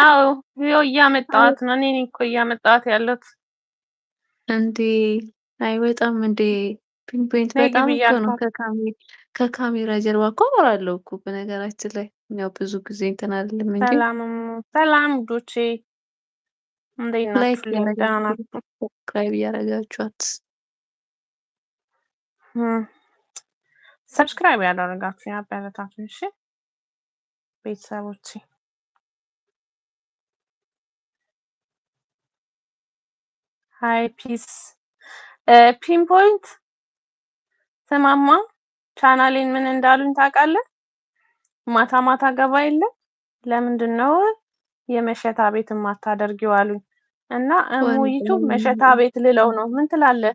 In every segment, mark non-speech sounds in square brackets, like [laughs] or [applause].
አዎ ይኸው እያመጣዋት ነው። እኔ እኮ እያመጣዋት ያለሁት እንዴ! አይ በጣም እንዴ! ፒንፖይንት በጣም እኮ ነው። ከካሜራ ጀርባ እኮ አወራለሁ እኮ በነገራችን ላይ ያው ብዙ ጊዜ እንትን አይደለም እንጂ። ሰላም ሰላም ዶቼ እንዴት ናችሁ? ሰብስክራይብ እያደረጋችኋት ሰብስክራይብ ያላደረጋችሁ ያበረታችሁ እሺ ቤተሰቦቼ Hi, peace. ፒንፖይንት ስማማ ቻናሌን ምን እንዳሉኝ ታውቃለህ? ማታ ማታ ገባ የለም ለምንድን ነው የመሸታ ቤት የማታደርጊው አሉኝ። እና እሙይቱ መሸታ ቤት ልለው ነው። ምን ትላለህ?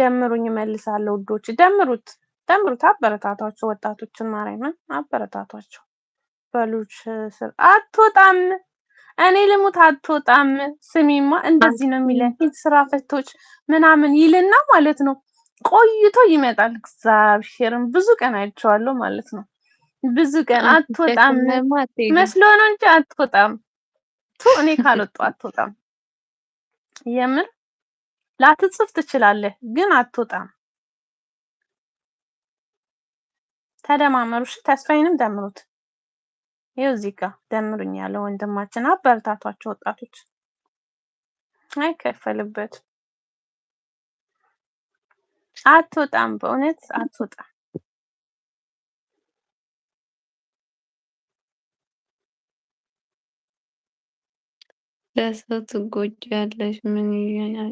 ደምሩኝ እመልሳለሁ። ውዶች ደምሩት፣ ደምሩት፣ አበረታቷቸው። ወጣቶችን ማርያምን አበረታቷቸው። በሉች ስር አትወጣም እኔ ልሙት አትወጣም፣ ስሚማ እንደዚህ ነው የሚለን ሂድ ስራ ፈቶች ምናምን ይልና ማለት ነው። ቆይቶ ይመጣል። እግዚአብሔርም ብዙ ቀን አይቼዋለሁ ማለት ነው። ብዙ ቀን አትወጣም መስሎ ነው እንጂ አትወጣም። ቱ እኔ ካልወጡ አትወጣም። የምር ላትጽፍ ትችላለህ፣ ግን አትወጣም። ተደማመሩ። እሺ ተስፋዬንም ደምሩት። ይኸው እዚህ ጋር ደምሩኝ ያለ ወንድማችን አበረታቷቸው ወጣቶች፣ አይከፈልበት። አትወጣም፣ በእውነት አትወጣም። ለሰው ትጎጃለሽ፣ ምን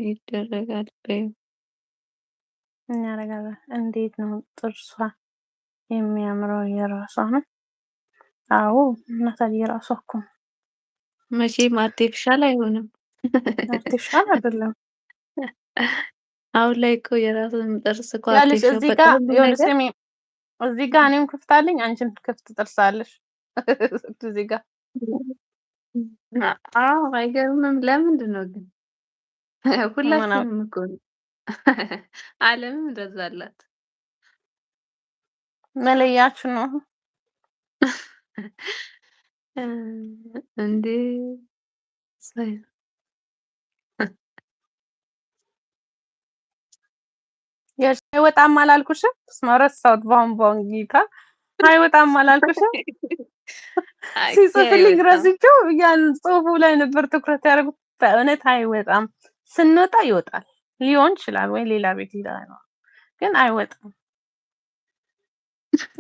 ይደረጋል? በይ እናደርጋለን። እንዴት ነው ጥርሷ የሚያምረው? የራሷ ነው አዎ እናታዬ ራሷ እኮ መቼም አርቴፊሻል አይሆንም። አርቴፊሻል አይደለም። [laughs] አሁን ላይ እኮ የራስን ጥርስ እኮ እዚህ ጋ እኔም ክፍት አለኝ፣ አንቺም ክፍት ጥርስ አለሽ [laughs] እዚህ ጋ። አዎ፣ አይገርምም? ለምንድን [laughs] ነው ግን ሁላችንም እኮ አለምም ዓለምም እንደዛ አላት። መለያችን ነው። እንዴ! ሰይ የሽ አይወጣም አላልኩሽም? ጌታ አይወጣም አላልኩሽም? ሲጽፍልኝ ረስቼው ያን ጽሁፉ ላይ ነበር ትኩረት በእውነት አይወጣም። ስንወጣ ይወጣል ሊሆን ይችላል ወይ ሌላ ቤት ሄዳ ነው፣ ግን አይወጣም።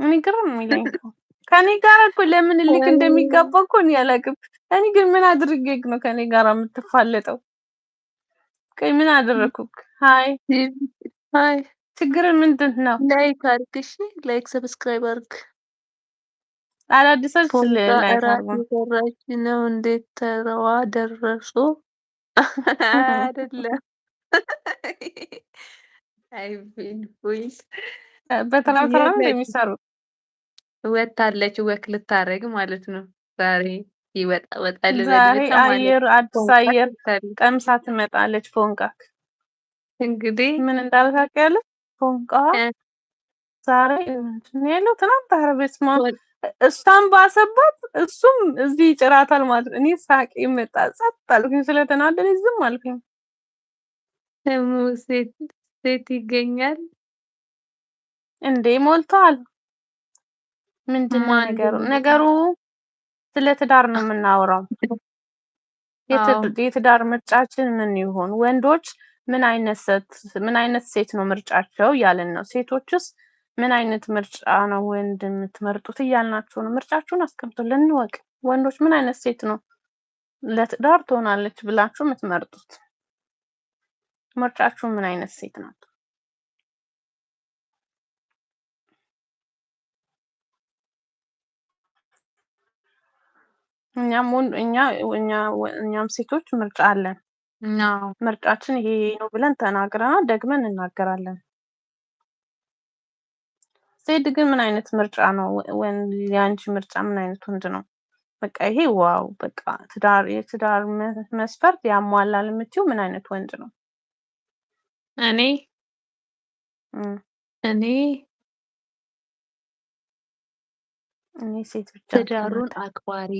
እኔ ግርም የሚለኝ እኮ ከኔ ጋር እኮ ለምን ልክ እንደሚጋባ እኮ እኔ አላውቅም። እኔ ግን ምን አድርጌክ ነው ከኔ ጋር የምትፋለጠው? ቀይ ምን አደረኩክ? ሀይ ሀይ፣ ችግር ምንድን ነው? ላይክ አድርግ፣ እሺ ላይክ፣ ሰብስክራይብ አድርግ። አዳዲሶች ስለራራች ነው። እንዴት ተረዋ ደረሱ? [laughs] አይደለም [laughs] አይቪን ቢን ቡይ በተራ ተራ ነው የሚሰሩት ወታለች ወክ ልታረግ ማለት ነው። ዛሬ ይወጣ ወጣል ዛሬ አየር አዲስ አየር ቀምሳ ትመጣለች። ፎንቃክ እንግዲህ ምን እንዳልካቅ ያለ ፎንቃ ዛሬ እንትን ያለው ትናንት አረቤት ማ እሷን ባሰባት እሱም እዚህ ይጭራታል ማለት ነው። እኔ ሳቅ ይመጣ ጸጥ አልኩኝ። ስለተናደደ ዝም አልኩኝ። ሴት ሴት ይገኛል እንዴ ሞልተዋል። ምንድን ነው ነገሩ? ነገሩ ስለ ትዳር ነው የምናወራው። የትዳር ምርጫችን ምን ይሆን? ወንዶች ምን አይነት ሴት ምን አይነት ሴት ነው ምርጫቸው እያልን ነው። ሴቶችስ ምን አይነት ምርጫ ነው ወንድ የምትመርጡት እያልናቸው ነው። ምርጫችሁን አስቀምጡልን ልንወቅ። ወንዶች ምን አይነት ሴት ነው ለትዳር ትሆናለች ብላችሁ የምትመርጡት? ምርጫችሁ ምን አይነት ሴት ናት? እኛም ወንድ እኛ እኛ እኛም ሴቶች ምርጫ አለን። ምርጫችን ይሄ ነው ብለን ተናግረናል፣ ደግመን እናገራለን። ሴት ግን ምን አይነት ምርጫ ነው? ወንድ ያንቺ ምርጫ ምን አይነት ወንድ ነው? በቃ ይሄ ዋው! በቃ ትዳር የትዳር መስፈርት ያሟላል የምትይው ምን አይነት ወንድ ነው? እኔ እኔ እኔ ሴት ብቻ ትዳሩን አክባሪ